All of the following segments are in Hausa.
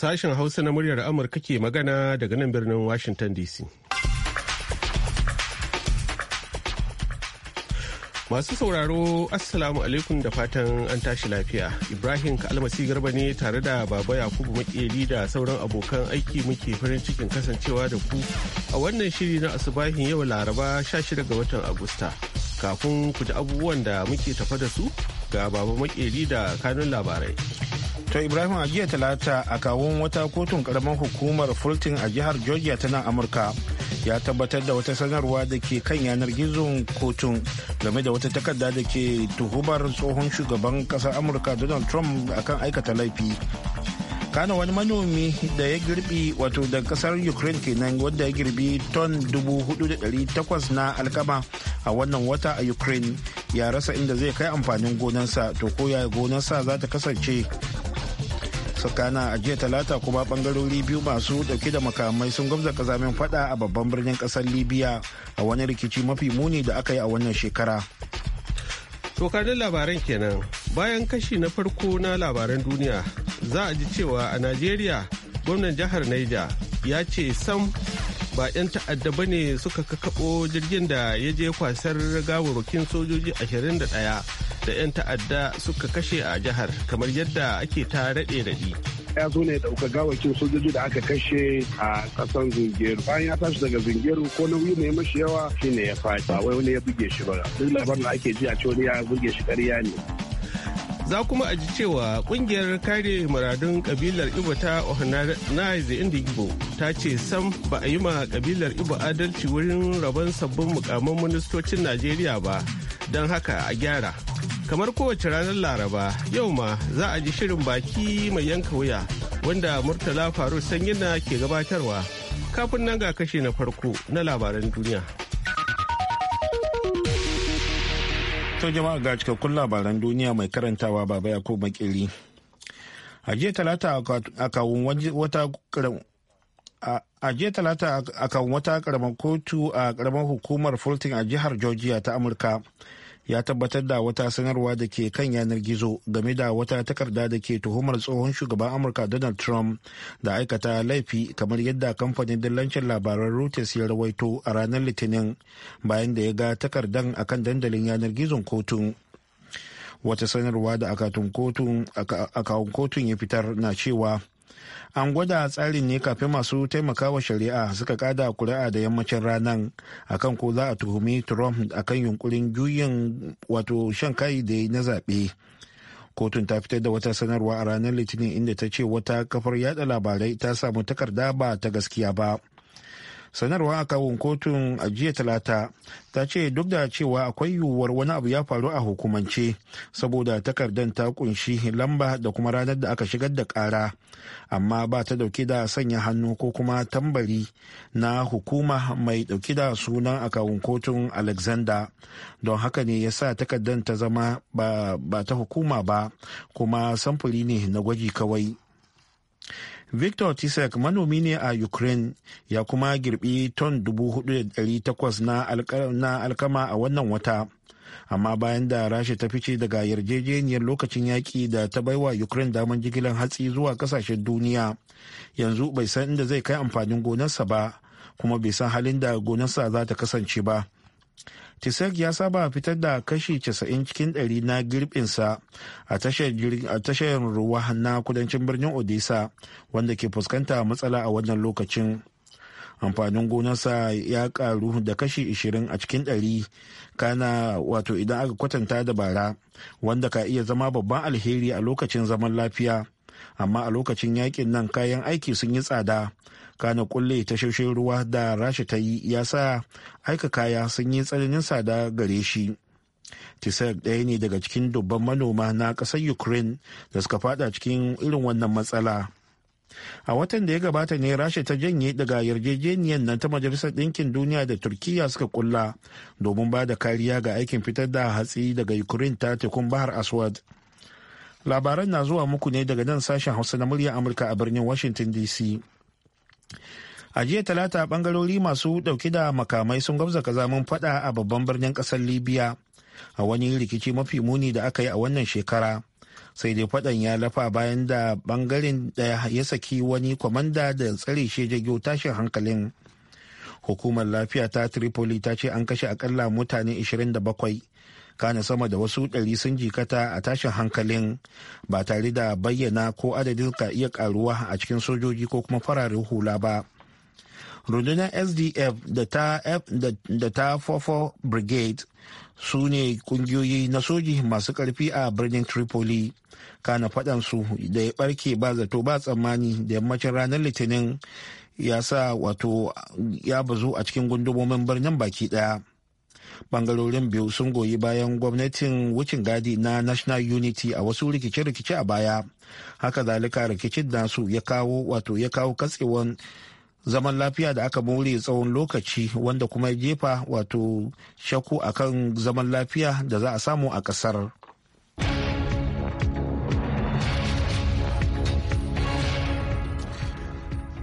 Sashen Hausa na muryar Amurka ke magana daga nan birnin Washington DC. Masu sauraro Assalamu alaikum da fatan an tashi lafiya. Ibrahim Kalmasi Garba ne tare da Baba Yakubu Makeli da sauran abokan aiki muke farin cikin kasancewa da ku a wannan shiri na asubahin yau Laraba 16 ga watan Agusta. kafin ku ji abubuwan da muke tafa da su ga baba makeri da kanun labarai. To Ibrahim a jiya talata a kawun wata kotun karamar hukumar Fulton a jihar Georgia ta nan Amurka ya tabbatar da wata sanarwa da ke kan yanar gizon kotun game da wata takarda da ke tuhumar tsohon shugaban kasar Amurka Donald Trump akan aikata laifi. kana wani manomi da ya girbi wato da kasar ukraine kenan wanda ya girbi ton 4,800 na alkama a wannan wata a ukraine ya rasa inda zai kai amfanin gonansa to koya gonarsa za ta kasance sakana a jiya talata kuma bangarori biyu masu dauke da makamai sun gwamza kazamin fada a babban birnin kasar libya a wani rikici mafi muni da aka yi a wannan shekara tokanin labaran kenan bayan kashi na farko na labaran duniya za a ji cewa a najeriya gwamnan jihar naija ya ce sam ba 'yan ta'adda ba ne suka kakaɓo jirgin da ya je kwasar gawarwakin sojoji 21 da 'yan ta'adda suka kashe a jihar kamar yadda ake ta raɗe raɗi. ya zo ne dauka gawakin sojoji da aka kashe a kasan zungeru bayan ya tashi daga zungeru ko na nauyi mai mashi yawa shine ya fata wai wani ya buge shi ba duk labarin da ake ji a cewa ya buge shi karya ne za kuma a ji cewa kungiyar kare muradun kabilar ibo ta da indigbo ta ce sam ba a yi ma kabilar ibo adalci wurin rabon sabbin mukamman ministocin najeriya ba don haka a gyara kamar kowace ranar laraba yau ma za a ji shirin baki mai yanka wuya wanda murtala faru sanyina ke gabatarwa kafin nan ga kashe na farko na labaran duniya To jama'a ga cikakkun labaran duniya mai karantawa baba ko Makiri. A talata a kawun wata a jiya talata a kan wata karamar kotu a karamar hukumar fulton a jihar georgia ta amurka ya tabbatar da wata sanarwa da ke kan yanar gizo game da wata takarda da ke tuhumar tsohon shugaban amurka donald trump da aikata laifi kamar yadda kamfanin dillancin labaran reuters ya rawaito a ranar litinin bayan da ya ga takardan kan dandalin yanar gizon kotun wata sanarwa da akawun kotun ya fitar na cewa an gwada tsarin ne kafin masu taimakawa shari'a suka kada kuri'a da yammacin ranar akan ko za a tuhumi trump akan yunkurin juyin wato shan kai da na zaɓe kotun ta fitar da wata sanarwa a ranar litinin inda ta ce wata kafar yada labarai ta samu takarda ba ta gaskiya ba sanarwa a kawun kotun a jiya talata ta ce duk da cewa akwai yiwuwar wani abu ya faru a hukumance saboda takardar ta kunshi lamba da kuma ranar da aka shigar da kara amma ba ta dauke da sanya hannu ko kuma tambari na hukuma mai dauke da sunan a kawun kotun alexander don haka ne ya sa takardar ta zama ba ta hukuma ba kuma samfuri ne na gwaji kawai victor tisak manomi ne a ukraine ya kuma girbi ton 4,800 na alkama a wannan wata amma bayan da rasha ta fice daga yarjejeniyar lokacin yaƙi da ta baiwa ukraine daman jigilar hatsi zuwa kasashen duniya yanzu bai san inda zai kai amfanin gonarsa ba kuma bai san halin da gonarsa za ta kasance ba tisak ya saba fitar da kashi 90 cikin 100 na girbinsa a tashar ruwa na kudancin birnin odisa wanda ke fuskanta matsala a wannan lokacin amfanin gonarsa ya karu da kashi 20 a cikin 100 kana wato idan aka kwatanta da bara wanda ka iya zama babban alheri a lokacin zaman lafiya amma a lokacin yakin nan kayan aiki sun yi tsada kana kulle shaushe ruwa da rasha ta yi ya sa aika kaya sun yi tsananin sada gare shi tisar ɗaya ne daga cikin dubban manoma na ƙasar ukraine da suka fada cikin irin wannan matsala a watan da ya gabata ne rasha ta janye daga yarjejeniyar nan ta majalisar ɗinkin duniya da turkiya suka kulla domin ba da kariya ga aikin fitar da hatsi daga ukraine ta tekun bahar aswad labaran na zuwa muku ne daga nan sashen hausa na murya amurka a birnin washington dc a jiya talata bangarori masu dauki da makamai sun gwamza kazamin fada a babban birnin kasar libya a wani rikici mafi muni da aka yi a wannan shekara sai dai fadan ya lafa bayan da bangaren daya ya saki wani kwamanda da tsare shi jago tashin hankalin hukumar lafiya ta tripoli ta ce an kashe akalla mutane 27 kana sama da wasu ɗari sun jikata a tashin hankalin ba tare da bayyana ko adadin ka iya karuwa a cikin sojoji ko kuma fararen hula ba rundunar sdf da ta da ta fofo brigade su ne kungiyoyi na soji masu karfi a birnin tripoli kana fadansu da ya barke ba zato ba tsammani da yammacin ranar litinin ya sa wato ya bazu a cikin gundumomin birnin baki daya bangarorin biyu sun goyi bayan gwamnatin wucin gadi na national unity a wasu rikice-rikice a baya haka zalika rikicin nasu ya kawo wato ya kawo katsewan zaman lafiya da aka more tsawon lokaci wanda kuma ya jefa wato shaku akan zaman lafiya da za a samu a kasar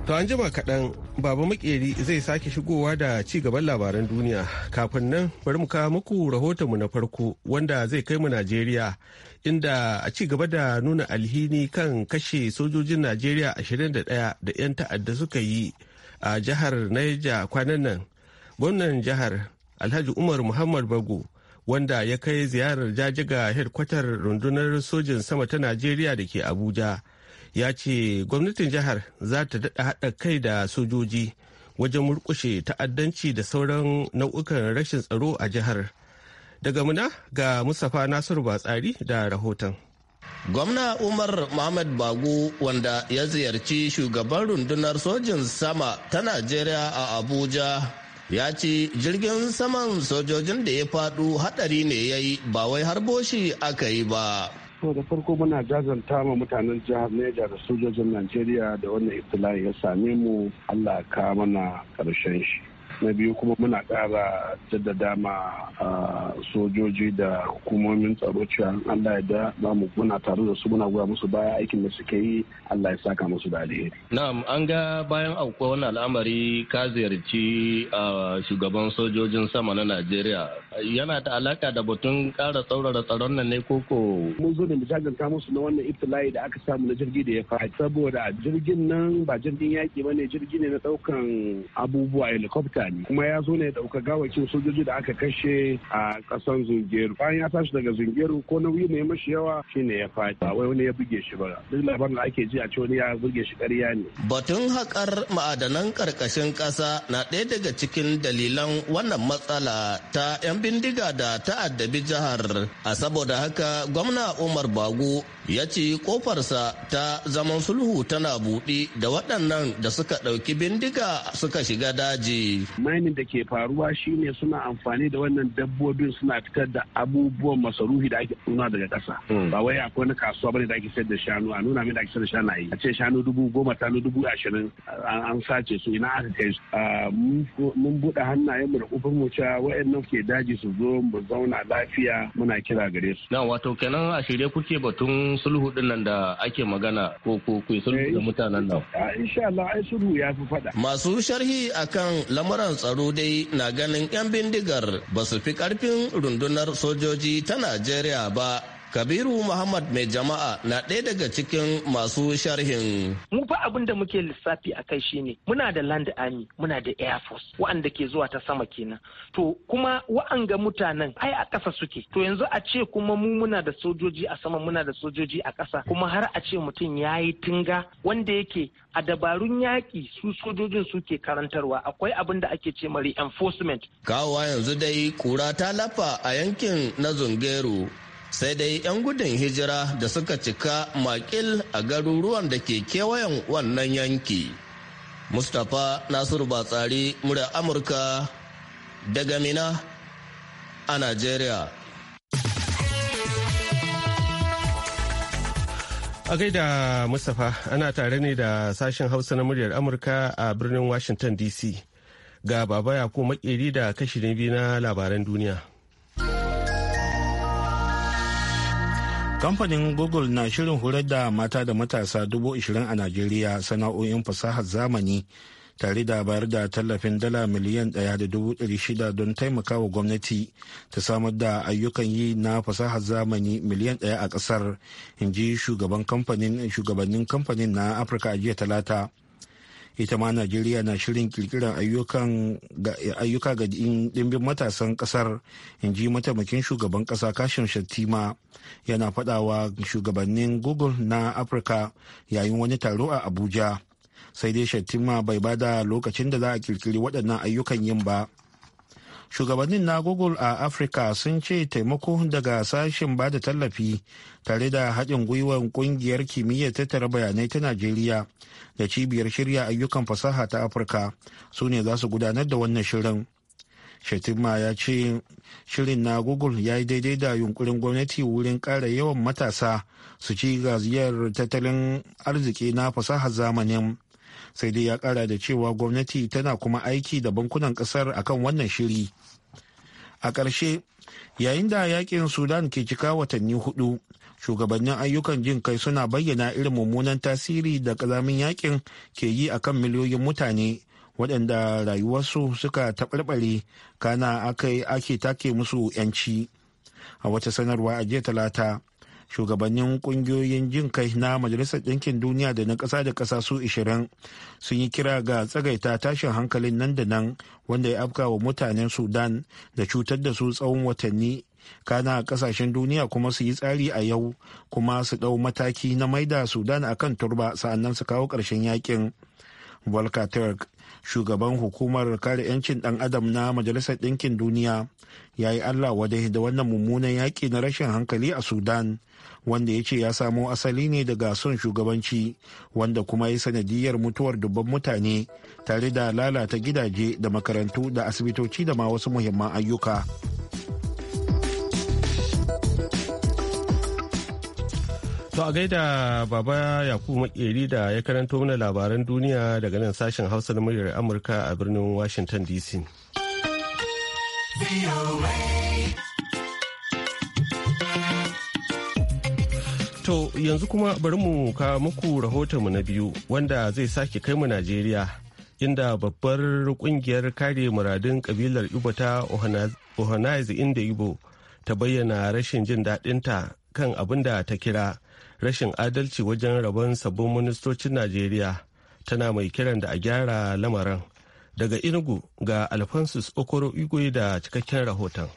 To an jima kaɗan baba makeri zai sake shigowa da ci gaban labaran duniya kafin nan bari mu kawo muku rahotonmu na farko wanda zai kai mu Najeriya inda a ci gaba da nuna alhini kan kashe sojojin Najeriya 21 da 'yan ta'adda suka yi a jihar Naija kwanan nan. Gwamnan jihar Alhaji Umar Muhammad Bago wanda ya kai ziyarar jajiga hedkwatar rundunar sojin sama ta Najeriya da ke Abuja. ya ce gwamnatin jihar za ta daɗa haɗa kai da sojoji wajen murƙushe ta'addanci da sauran nau'ukan rashin tsaro a jihar daga muna ga mustapha nasiru batsari da rahoton gwamna umar muhammad bago wanda ya ziyarci shugaban rundunar sojin sama ta najeriya a abuja ya ce jirgin saman sojojin da ya faɗo haɗari ne ya yi ba wai harboshi aka yi ba so da farko muna jazanta ma mutanen jihar Neja da sojojin Najeriya da wannan iftila'i ya same mu Allah ka mana karshen shi. na biyu kuma muna da dama a sojoji da hukumomin tsaro cewa allah ya da za mu muna tare da su muna goya musu baya aikin da suke yi allah ya saka musu da alheri na'am an ga bayan aukuwa wannan al'amari ka ziyarci shugaban sojojin sama na najeriya yana da alaka da batun ƙara tsaurara tsaron nan ne koko mun zo da mu jaganta musu na wannan iftila'i da aka samu na jirgi da ya faɗi saboda jirgin nan ba jirgin yaƙi ba ne jirgi ne na ɗaukan abubuwa helicopter mutane kuma ya zo ne ya dauka gawakin sojoji da aka kashe a kasan zungeru bayan ya tashi daga zungeru ko nauyi ne mashi yawa shine ya faɗi ba wai wani ya buge shi ba duk labarin da ake ji a ce wani ya buge shi ƙarya ne batun haƙar ma'adanan ƙarƙashin ƙasa na ɗaya daga cikin dalilan wannan matsala ta 'yan bindiga da ta'addabi jihar a saboda haka gwamna umar bago ya ce kofarsa ta zaman sulhu tana buɗe da waɗannan da suka ɗauki bindiga suka shiga daji. Mainin da ke faruwa shine suna amfani da wannan dabbobin suna fitar da abubuwan masarufi da ake nuna daga ƙasa. Hmm. Ba wai akwai wani kasuwa bane da ake sayar da shanu a nuna min da ake sayar da shanu a yi. A ce shanu dubu goma ta dubu ashirin an sace su ina aka kai su. Mun buɗe hannayen mu da kufin mu cewa waɗannan ke daji su zo mu zauna lafiya muna kira gare su. Na wato kenan a shirye kuke batun sulhu din nan da ake magana ko ko ku sulhu da eh, mutanen nan insha Allah ai sulhu ya fi fada masu sharhi akan lamuran tsaro dai na ganin yan bindigar ba su fi karfin rundunar sojoji ta Najeriya ba Kabiru Muhammad mai jama'a na ɗaya daga cikin masu sharhin. Mu fa abin da muke lissafi a kai shine muna da land army muna da air force wa'anda ke zuwa ta sama kenan. To kuma wa'anga mutanen ai a ƙasa suke. To yanzu a ce kuma mu muna da sojoji a sama muna da sojoji a ƙasa kuma har a ce mutum ya yi tinga wanda yake a dabarun yaƙi su sojojin suke karantarwa akwai abin da ake ce ma enforcement. Kawowa yanzu dai kura ta lafa a yankin na Zungeru sai dai 'yan gudun hijira da suka cika makil a garuruwan da ke kewayen wannan yanki. Mustapha Nasiru Batsari murya Amurka daga Mina a Najeriya. A gaida Mustapha ana tare ne da sashen Hausa na muryar Amurka a birnin Washington DC. Ga baba ya ko makeri da kashi biyu na labaran duniya. kamfanin google na shirin horar da mata da matasa dubu ishirin a najeriya sana'o'in fasahar zamani tare da bayar da tallafin dala miliyan ɗaya da dubu shida don taimakawa gwamnati ta samar da ayyukan yi na fasahar zamani miliyan 1 a kasar in ji shugabannin kamfanin na afirka a jiya talata ita ma najeriya na shirin kirkirar ayyuka ga dimbin matasan kasar in ji mataimakin shugaban kasa kashin shattima yana fadawa shugabannin google na afirka yayin wani taro a abuja sai dai shattima bai bada lokacin da za a kirkiri waɗannan ayyukan yin ba shugabannin na google a afirka sun ce taimako daga sashen ba da tallafi tare da haɗin gwiwar ƙungiyar kimiyyar tattara bayanai ta najeriya da cibiyar shirya ayyukan fasaha ta afirka su ne za su gudanar da wannan shirin shetima ya ce shirin na google ya yi daidai da yunkurin gwamnati wurin ƙara yawan matasa su ci gaziyar tattalin arziki na fasahar zamanin sai dai ya kara da cewa gwamnati tana kuma aiki da bankunan kasar akan wannan shiri a ƙarshe yayin da yakin sudan ke cika watanni hudu shugabannin ayyukan jin kai suna bayyana irin mummunan tasiri da ƙazamin yakin ke yi akan miliyoyin mutane waɗanda rayuwarsu suka taɓarɓare kana ake take musu 'yanci a wata sanarwa a jiya talata shugabannin kungiyoyin jin kai na majalisar ɗinkin duniya da na ƙasa da ƙasa su 20 sun yi kira ga tsagaita tashin hankalin nan da nan wanda ya afka wa mutanen sudan da cutar da su tsawon watanni kana ƙasashen duniya kuma su yi tsari a yau kuma su ɗau mataki na maida sudan akan turba sa'annan su kawo ƙarshen yakin volker shugaban hukumar kare 'yancin ɗan adam na majalisar ɗinkin duniya ya yi allah wadai da wannan mummunan yaƙi na rashin hankali a sudan wanda ya ce ya samo asali ne daga son shugabanci wanda kuma ya sanadiyar mutuwar dubban mutane tare da lalata gidaje da makarantu da asibitoci da ma wasu muhimman ayyuka. To a gaida Baba Yakubu Makeri da ya karanto mana labaran duniya daga nan sashen Hausa na muryar Amurka a birnin Washington DC. To yanzu kuma bari mu kawo muku rahotonmu na biyu wanda zai sake kai mu Najeriya inda babbar kungiyar kare muradun kabilar Ibo ta Ohanaeze inda Ibo ta bayyana rashin jin daɗinta kan abin da ta kira rashin adalci wajen rabon sabbin ministocin najeriya tana mai kiran da a gyara lamarin daga inugu ga alphonsus okoro igwe da cikakken rahoton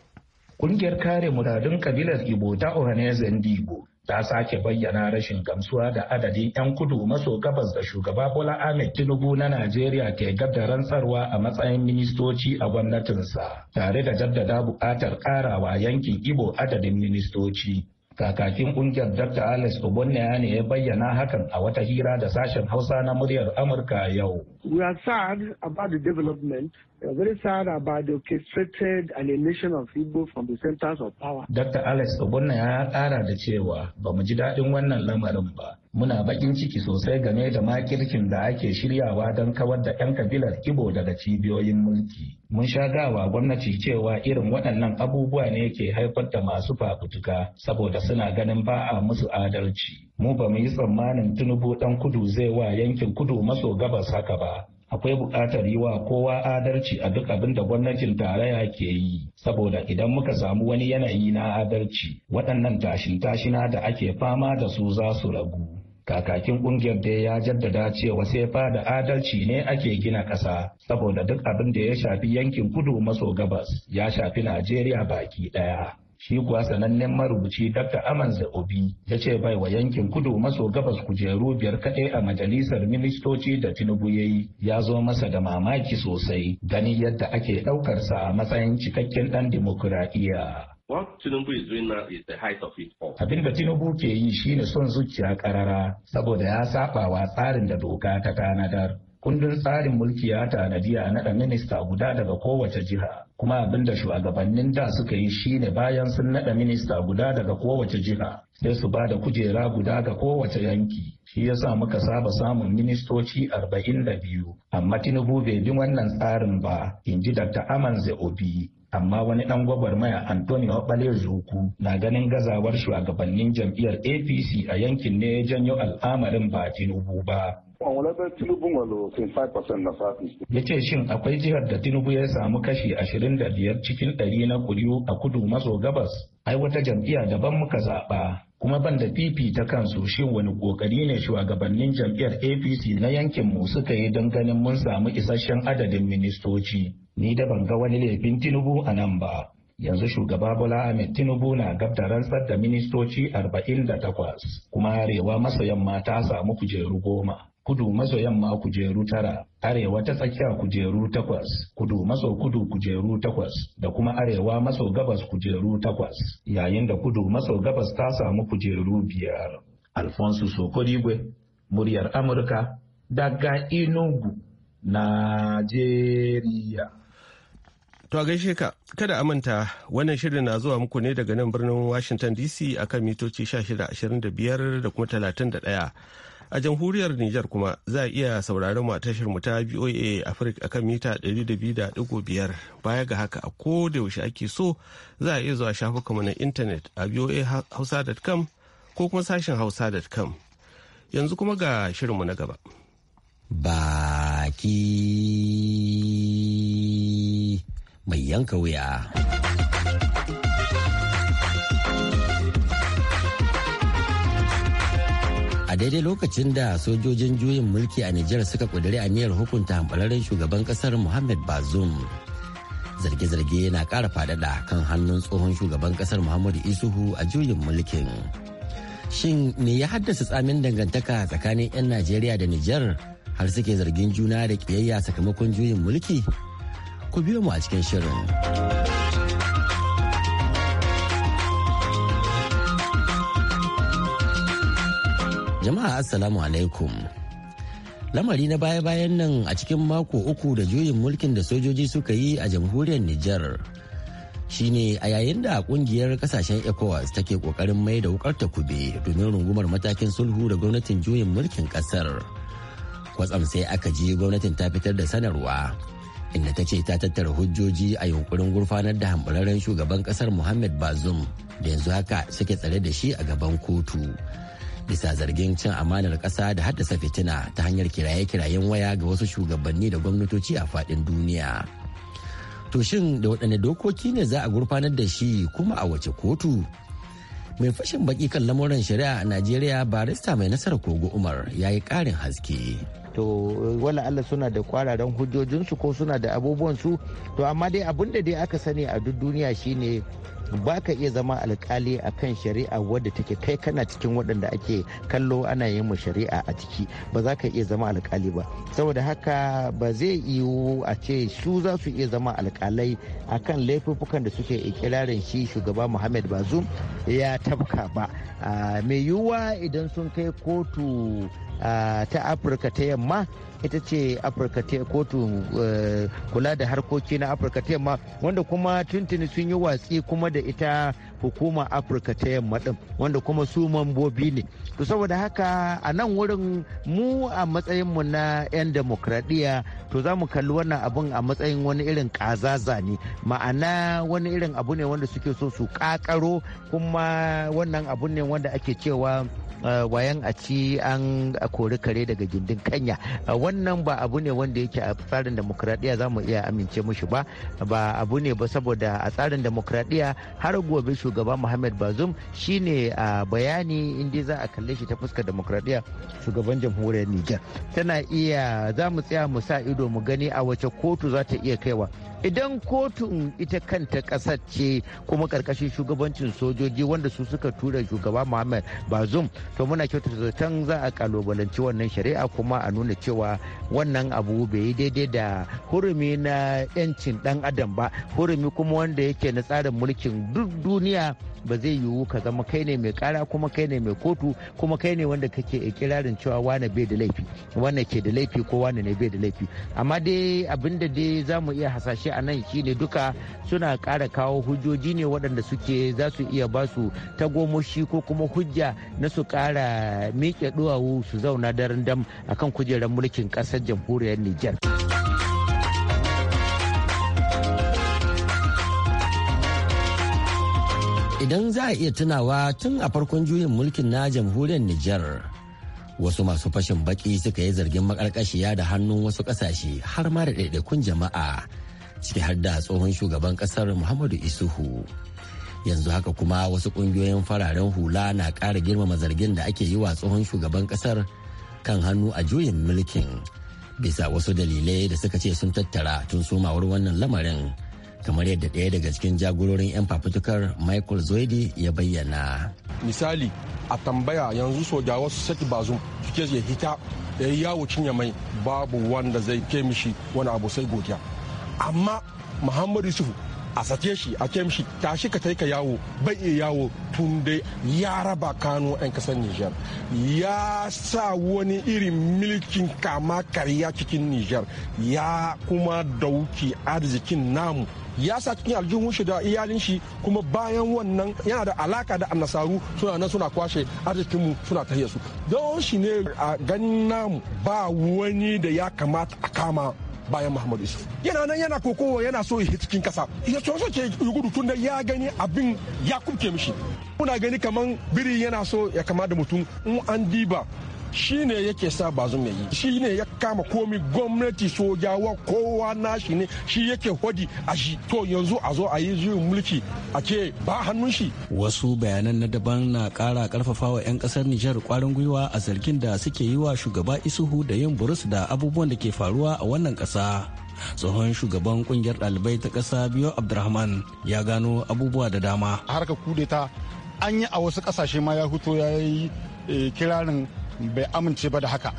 kungiyar kare muradun kabilar ibo ta ohanese ndigo ta sake bayyana rashin gamsuwa da adadin 'yan kudu maso gabas da shugaba bola ahmed tinubu na najeriya ke gabda rantsarwa a matsayin ministoci a gwamnatinsa tare da jaddada buƙatar ƙarawa yankin ibo adadin ministoci kakakin kungiyar dr alex obonne ne ya bayyana hakan a wata hira da sashen hausa na muryar amurka yau We are sad about the development. We are very sad about the orchestrated alienation of people from the centers of power. Dr. Alex Obonna ya ƙara da cewa ba mu ji daɗin wannan lamarin ba. Muna baƙin ciki sosai game da makircin da ake shiryawa don kawar da 'yan kabilar Igbo daga cibiyoyin mulki. Mun sha gawa gwamnati cewa irin waɗannan abubuwa ne ke haifar da masu fafutuka saboda suna ganin ba a musu adalci. mu ba mu yi tsammanin tinubu ɗan kudu zai wa yankin kudu maso gabas haka ba akwai buƙatar yi wa kowa adalci a duk abin da gwamnatin tarayya ke yi saboda idan muka samu wani yanayi na adalci waɗannan tashin tashina da ake fama da su za su ragu kakakin ƙungiyar da ya jaddada cewa sai fa da adalci ne ake gina ƙasa saboda duk abin da ya shafi yankin kudu maso gabas ya shafi najeriya baki ɗaya shi kuwa sanannen marubuci dr aman obi ya ce bai wa yankin kudu maso gabas kujeru biyar kaɗai a majalisar ministoci da tinubu ya yi ya zo masa da mamaki sosai gani yadda ake ɗaukarsa a matsayin cikakken ɗan dimokuraɗiyya Abin da Tinubu ke yi shine son zuciya ƙarara, saboda ya wa tsarin da doka ta tanadar. kundin tsarin mulki ya tanadi a naɗa minista guda daga kowace jiha kuma abin da shugabannin da suka yi shine bayan sun naɗa minista guda daga kowace jiha sai su ba da kujera guda ga kowace yanki shi yasa muka saba samun ministoci arba'in da biyu. amma tinubu bai bi wannan tsarin ba in ji dr aman obi amma wani dan gwagwarmaya Antonio Obale Zuku na ganin gazawar shugabannin jam'iyyar APC a yankin ne ya janyo al'amarin ba Tinubu ba. Ya ce shin akwai jihar da Tinubu ya samu kashi 25 cikin 100 na kuriyu a kudu maso gabas? Ai wata jam'iyya daban muka zaɓa. kuma ban da ta kansu shin wani kokari ne shugabannin jam'iyyar apc na yankin mu suka yi don ganin mun samu isasshen adadin ministoci ni da ban ga wani laifin tinubu a nan ba yanzu shugaba Bola Ahmed Tinubu na gab da rantsar da ministoci 48 kuma arewa maso yamma ta samu kujeru goma. kudu maso yamma kujeru tara, arewa ta tsakiya kujeru takwas, kudu maso kudu kujeru takwas, da kuma arewa maso gabas kujeru takwas, yayin da kudu maso gabas ta samu kujeru biyar. Alfonso sokodigwe muryar Amurka, daga Inugu, Najeriya. To a gaishe ka, kada a manta wannan shirin na zuwa muku ne daga nan birnin Washington DC akan mitoci 1625 da kuma 31. A jamhuriyar Nijar kuma za a iya sauraron a tashar mu ta VOA Africa akan mita 200.5 baya ga haka a ko da yaushe ake so za a iya zuwa shafukan mu na intanet a voahausa.com ko kuma sashen hausa.com. Yanzu kuma ga shirinmu na gaba. Baki mai yanka wuya. daidai lokacin da sojojin juyin mulki a Nijar suka ƙudiri a aniyar hukunta hambararren shugaban ƙasar Muhammad Bazoum. Zarge-zarge na ƙara faɗaɗa kan hannun tsohon shugaban ƙasar Muhammadu Isuhu a juyin mulkin. Shin me ya haddasa tsamin dangantaka tsakanin 'yan Najeriya da Nijar har suke zargin juna da ƙiyayya sakamakon juyin mulki? Ku biyo mu a cikin shirin. Jama'a Assalamu alaikum. Lamari na baya-bayan nan a cikin mako uku da juyin mulkin da sojoji suka yi a jamhuriyar Nijar. shine a yayin da kungiyar kasashen ECOWAS take kokarin mai da wukar ta kube domin rungumar matakin sulhu da gwamnatin juyin mulkin kasar. Kwatsam sai aka ji gwamnatin ta fitar da sanarwa inda ta ce ta tattara hujjoji a yunkurin gurfanar da hambararren shugaban kasar Muhammad bazum da yanzu haka suke tsare da shi a gaban kotu. bisa zargin cin amanar ƙasa da haddasa fitina ta hanyar kiraye-kirayen waya ga wasu shugabanni da gwamnatoci a faɗin duniya. To shin da waɗanne dokoki ne za a gurfanar da shi kuma a wace kotu? Mai fashin baki kan lamuran shari'a a Najeriya barista mai nasarar kogo Umar ya yi ƙarin haske. to wala Allah suna da kwararen hujjojinsu ko suna da abubuwansu to amma dai abin da dai aka sani a duk duniya shine ba ka iya zama alkali a kan shari'a wadda take kai kana cikin waɗanda ake kallo ana yin mu shari'a a ciki ba za ka iya zama alkali ba saboda haka ba zai yiwu a ce su za su iya zama alkalai a kan laifuffukan da suke ikirarin shi shugaba muhammad bazum ya tabka ba mai yiwuwa idan sun kai kotu ta afirka ta yamma ita ce afirka ta kotu e, kula da harkoki na afirka ta yamma wanda kuma tuntuni sun yi watsi kuma da ita hukumar afirka ta yamma din wanda kuma su mambobi ne to saboda haka a nan wurin mu a matsayinmu na 'yan demokradiyya to za mu kalli wannan abin a matsayin wani irin kazaza ne ma'ana wani irin abu ne wanda suke so su kakaro kuma wannan abu ne wanda ake cewa Eh, wayan a ci an kori kare daga gindin kanya eh, wannan ba abu ne wanda yake a tsarin demokradiyya za mu iya amince mushi ba ba abu ne ba saboda a tsarin demokradiyya har gobe shugaba muhammad bazum shine a bayani inda za a kalle shi ta fuskar demokradiyya shugaban jamhuriyar niger tana iya za mu tsaya mu sa ido mu gani a wace kotu za ta iya kaiwa idan kotun ita kanta kasar ce kuma karkashin shugabancin sojoji wanda su suka tura shugaba muhammad bazum to muna kyautata zaton za a kalubalanci wannan shari'a kuma a nuna cewa wannan abu bai yi daidai da hurumi na 'yancin dan adam ba hurumi kuma wanda yake na tsarin mulkin duk duniya ba zai yiwu ka zama kai ne mai kara kuma kai ne mai kotu kuma kai ne wanda kake ikirarin cewa wane bai da laifi wane ke da laifi ko wane ne bai da laifi amma dai abinda dai za mu iya hasashe a nan shine duka suna kara kawo hujjoji ne waɗanda suke za su iya ba su tagomashi ko kuma hujja na su kara miƙe duwawu su zauna daren dam akan kujerar mulkin ƙasar jamhuriyar Nijar. Idan za a iya tunawa tun a farkon juyin mulkin na jamhuriyar Nijar, wasu masu fashin baki suka yi zargin makarkashiya da hannun wasu kasashe har ma da ɗaiɗaikun jama'a ciki har da tsohon shugaban ƙasar Muhammadu Isuhu. yanzu haka kuma wasu ƙungiyoyin fararen hula na ƙara girmama zargin da ake yi wa tsohon shugaban ƙasar kan hannu a juyin mulkin bisa wasu dalilai da suka ce sun tattara tun sumawar wannan lamarin kamar yadda ɗaya daga cikin jagororin 'yan fafutukar michael zoidi ya bayyana misali a tambaya yanzu soja wasu saki bazum suke ya hita ya yi yawo cinye mai babu wanda zai ke mishi wani abu sai godiya amma muhammad yusuf a sace shi a ke mishi tashi ka taika yawo bai iya yawo tun dai ya raba kano 'yan kasar niger ya sa wani irin milkin kama karya cikin niger ya kuma dauki arzikin namu ya sa cikin aljihun shi da iyalin shi kuma bayan wannan yana da alaka da annasaru suna nan suna kwashe arzikinmu suna tahiyar su don shi ne a ganin namu ba wani da ya kamata a kama bayan Muhammadu isu Yana nan yana kokowa yana so ya cikin kasa. Ya so so ce gudu tun da ya gani abin ya kuke mishi. Muna gani kaman biri yana so ya kama da mutum in an diba shi ne yake sa bazu mai yi shi ne ya kama komi gwamnati sojawa kowa nashi ne shi yake hodi a shi to yanzu a zo a yi juyin mulki a ce ba hannun shi wasu bayanan na daban na kara karfafa wa 'yan kasar nijar kwarin gwiwa a zargin da suke yi wa shugaba isuhu da yin burus da abubuwan da ke faruwa a wannan kasa tsohon shugaban kungiyar dalibai ta ƙasa biyu abdurrahman ya gano abubuwa da dama a harkar kudeta an yi a wasu kasashe ma ya huto ya yi eh, kirarin bai amince ba da haka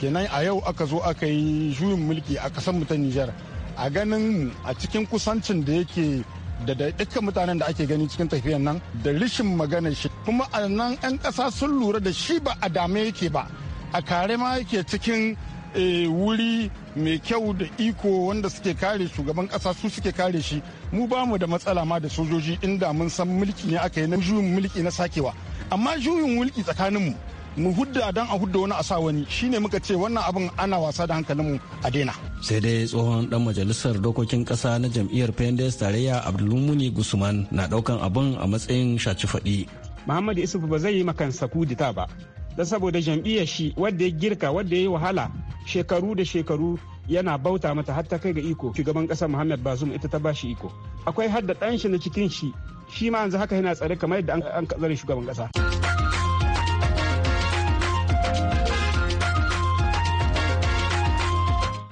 kenan a yau aka zo aka yi juyin mulki a ƙasar mu ta nijar a ganin a cikin kusancin da yake da dukkan mutanen da ake gani cikin tafiyan nan da rishin maganar shi kuma a nan 'yan ƙasa sun lura da shi ba a dame yake ba a kare ma yake cikin eh, wuri mai kyau da iko wanda suke kare shugaban kasa su suke kare shi mu ba mu da matsala ma da sojoji inda mun san mulki ne aka yi na juyin mulki na sakewa amma juyin mulki tsakaninmu mu hudda dan a hudda wani a sa wani shine muka ce wannan abin ana wasa da hankalinmu a daina sai dai tsohon dan majalisar dokokin kasa na jam'iyyar pendes tarayya abdulmuni gusman na daukan abin a matsayin shaci faɗi muhammadu isufu ba zai yi makansa kudita ba da saboda jam'iyyar shi wadda ya girka wadda ya yi wahala shekaru da shekaru yana bauta mata har ta kai ga iko shugaban kasa muhammad bazum ita ta bashi iko akwai hadda ɗan shi na cikin shi shi ma yanzu haka yana tsare kamar yadda an kazare shugaban kasa.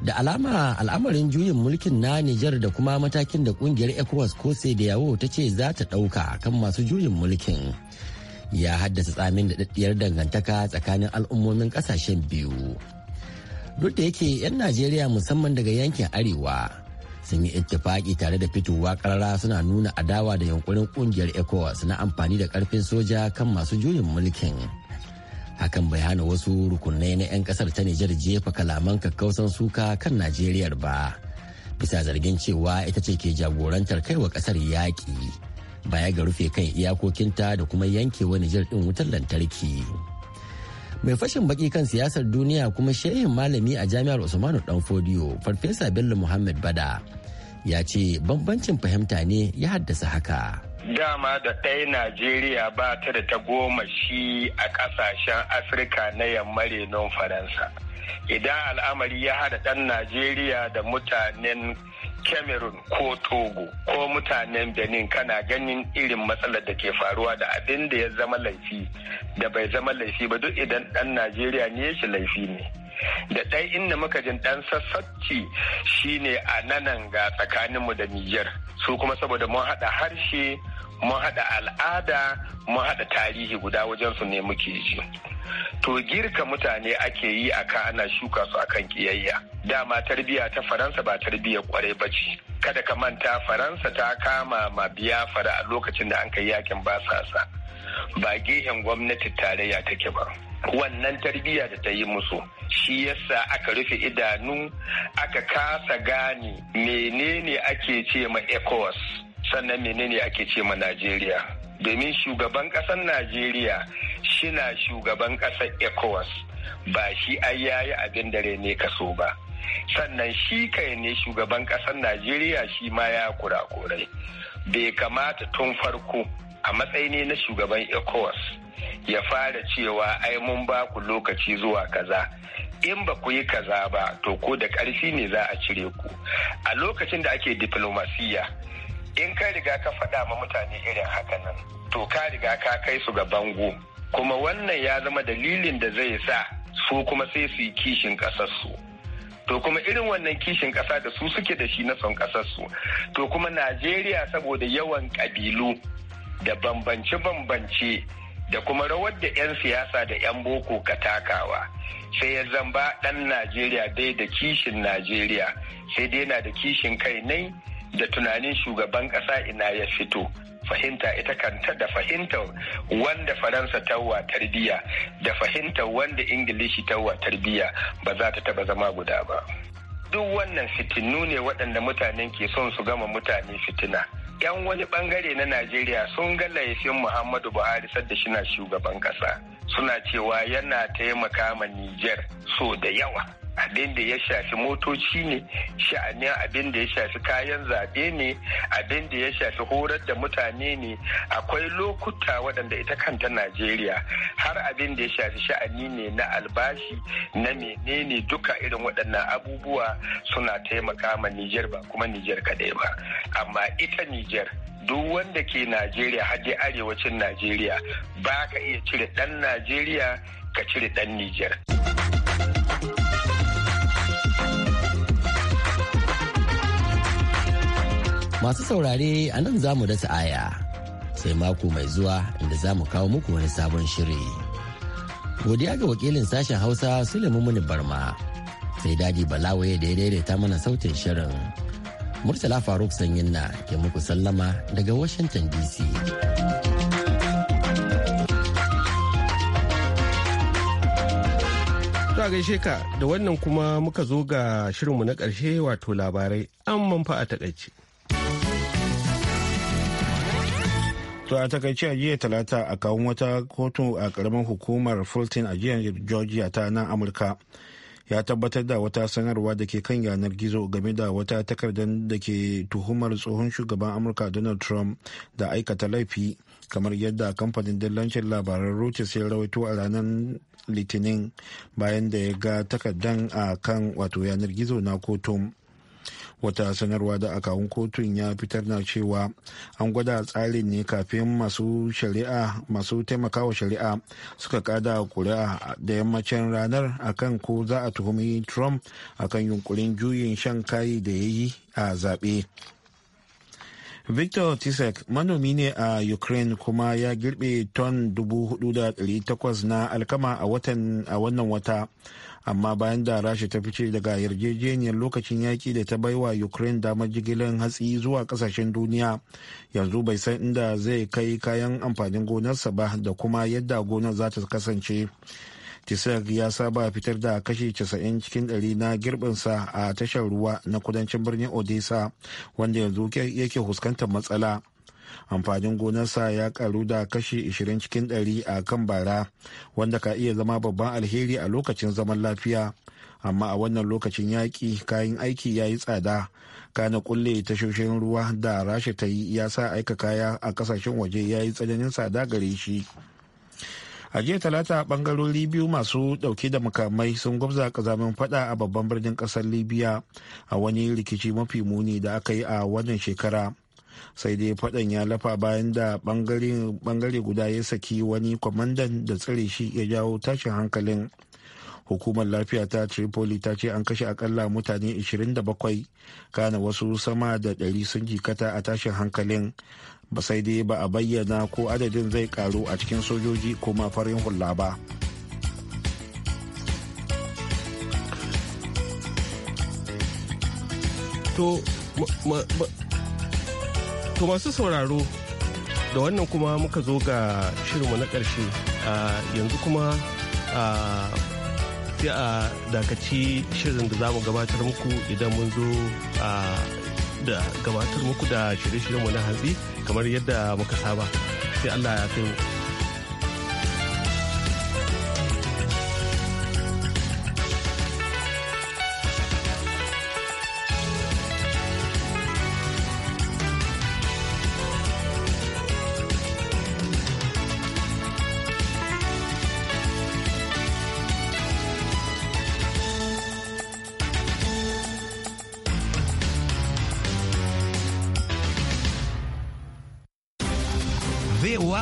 da alama al'amarin juyin mulkin na Nijar da kuma matakin da kungiyar ECOWAS ko yawo ta ce za ta ɗauka kan masu juyin mulkin ya haddasa tsamin da daddiyar dangantaka tsakanin al'ummomin ƙasashen biyu. Duk da yake 'yan Najeriya musamman daga yankin Arewa sun yi ittifaki tare da fitowa karara suna nuna adawa da yunƙurin kungiyar ECOWAS na amfani da karfin soja kan masu juyin mulkin. hakan bai hana wasu rukunai na 'yan kasar ta nijar jefa kalaman kakkausan suka kan najeriya ba bisa zargin cewa ita ce ke jagorantar kaiwa kasar yaƙi baya ga rufe kan iyakokinta da kuma yankewa nijar ɗin wutar lantarki mai fashin baki kan siyasar duniya kuma shehin malami a jami'ar usmanu danfodiyo farfesa bello muhammad bada ya ce bambancin fahimta ne ya haddasa haka. Dama da ɗaya Najeriya ba ta da ta goma shi a ƙasashen Afirka na yamma renon Faransa. Idan al'amari ya haɗa ɗan Najeriya da mutanen Cameroon ko Togo ko mutanen Benin kana ganin irin matsalar da ke faruwa da abin da ya zama laifi da bai zama laifi ba duk idan ɗan Najeriya ne shi laifi ne. da ɗai inda muka jin ɗan sassabci shine a nanan ga tsakaninmu da Nijar su kuma saboda mun haɗa harshe mun haɗa al'ada mun haɗa tarihi guda wajen su ne muke ji to girka mutane ake yi a ana shuka su akan kiyayya dama tarbiya ta faransa ba tarbiyyar kwarai ba ce kada ka manta faransa ta kama ma biya a lokacin da an kai yakin basasa ba gehen gwamnati tarayya take ba wannan tarbiyya da ta yi musu shi yasa aka rufe idanu aka kasa gane menene ake ce ma ecowas sannan menene ake ce ma najeriya domin shugaban ƙasar najeriya shina shugaban ƙasar ecowas ba shi ai yayi abin dare ne kaso ba sannan shi kai ne shugaban ƙasar najeriya shi ma ya kurakurai bai kamata tun farko a matsayi ne na shugaban ecowas ya fara cewa ai mun ba ku lokaci zuwa kaza in ba ku yi kaza ba to ko da ƙarfi ne za a cire ku a lokacin da ake diplomasiya in ka riga ka faɗa ma mutane irin haka nan to ka riga ka kai su ga bango kuma wannan ya zama dalilin da zai sa su kuma sai su yi kishin ƙasarsu to kuma irin wannan kishin ƙasa da su suke da shi na son ƙasarsu to kuma najeriya saboda yawan ƙabilu da bambance-bambance da kuma rawar da 'yan siyasa da 'yan boko ka takawa sai ya zamba ɗan najeriya dai da kishin najeriya sai dai na da kishin kai nai da tunanin shugaban ƙasa ina ya fito fahimta ita kanta da fahimta wanda faransa tawa tarbiya da fahimta wanda ingilishi tawa tarbiya ba za ta taba zama guda ba duk wannan fitinu ne waɗanda mutanen ke son su gama mutane fitina yan wani bangare na najeriya sun ga laifin muhammadu buhari sadda shina shugaban ƙasa suna cewa yana taimaka ma nijar so da yawa abin da ya shafi motoci ne sha'anin abin da ya shafi kayan zaɓe ne abin da ya shafi horar da mutane ne akwai lokuta waɗanda ita kanta najeriya har abin da ya shafi sha'ani ne na albashi na menene duka irin waɗannan abubuwa suna taimaka ma nijar ba kuma nijar kaɗai ba amma ita nijar duk wanda ke Najeriya har dai arewacin Najeriya ba ka iya cire ɗan Najeriya ka cire ɗan Nijar. Masu saurare a nan za mu dasa aya sai mako mai zuwa inda za mu kawo muku wani sabon shiri. Godiya ga wakilin sashen Hausa Suleiman Muni Barma sai Dadi Balawaye da ya daidaita mana sautin shirin. Murtala Faruk Sanyin na ke muku sallama daga Washington DC. Zuwa gaishe ka da wannan kuma muka zo ga shirinmu na ƙarshe wato labarai an manfa a takaice. to a takaice a jiya talata a kawun wata kotu a karamin hukumar fulton a jihar georgia ta nan amurka ya tabbatar da wata sanarwa da ke kan yanar gizo game da wata takardar da ke tuhumar tsohon shugaban amurka donald trump da aikata laifi kamar yadda kamfanin dillancin labaran reuters ya rawaito a ranar litinin bayan da ya ga takardar a kan wato yanar gizo na kotun wata sanarwa da akawun kotun ya fitar na cewa an gwada tsarin ne kafin masu shari'a masu taimakawa shari'a suka kada kuri'a da yammacin ranar akan ko za a tuhumi trump akan yunkurin juyin shan kayi da ya yi a zaɓe victor tisek manomi ne a ukraine kuma ya girbe ton 4,800 na alkama a wannan wata amma bayan da rasha ta fice daga yarjejeniyar lokacin yaƙi da ta baiwa ukraine damar jigilar hatsi zuwa ƙasashen duniya yanzu bai san inda zai kai kayan amfanin gonarsa ba da kuma yadda gonar za ta kasance tisak ya saba fitar da kashi 90 cikin 100 na girbinsa a tashar ruwa na kudancin birnin odessa wanda yanzu yake fuskantar matsala amfanin gonarsa ya karu da kashi 20 cikin 100 a kan bara wanda ka iya zama babban alheri a lokacin zaman lafiya amma a wannan lokacin yaƙi kayan aiki ya yi tsada kana kulle tashoshin ruwa da rasha ta yi ya sa aika kaya a kasashen waje ya yi tsananin tsada gare shi a jiya talata bangarori biyu masu dauke da makamai sun gwabza kazamin fada a babban birnin kasar libya a wani rikici mafi muni da aka yi a wannan shekara sai dai fadan ya lafa bayan da bangare guda ya saki wani kwamandan da tsare shi ya jawo tashin hankalin hukumar lafiya ta tripoli ta ce an kashe akalla mutane 27 kana wasu sama da 100 sun jikata a tashin hankalin ba sai dai ba a bayyana ko adadin zai karu a cikin sojoji ko mafarin hula ba to To masu sauraro da wannan kuma muka zo ga shirinmu na ƙarshe yanzu kuma sai a dakaci shirin da za mu gabatar muku idan mun zo da gabatar muku da shirye-shiryenmu na hantsi kamar yadda muka saba sai Allah ya kai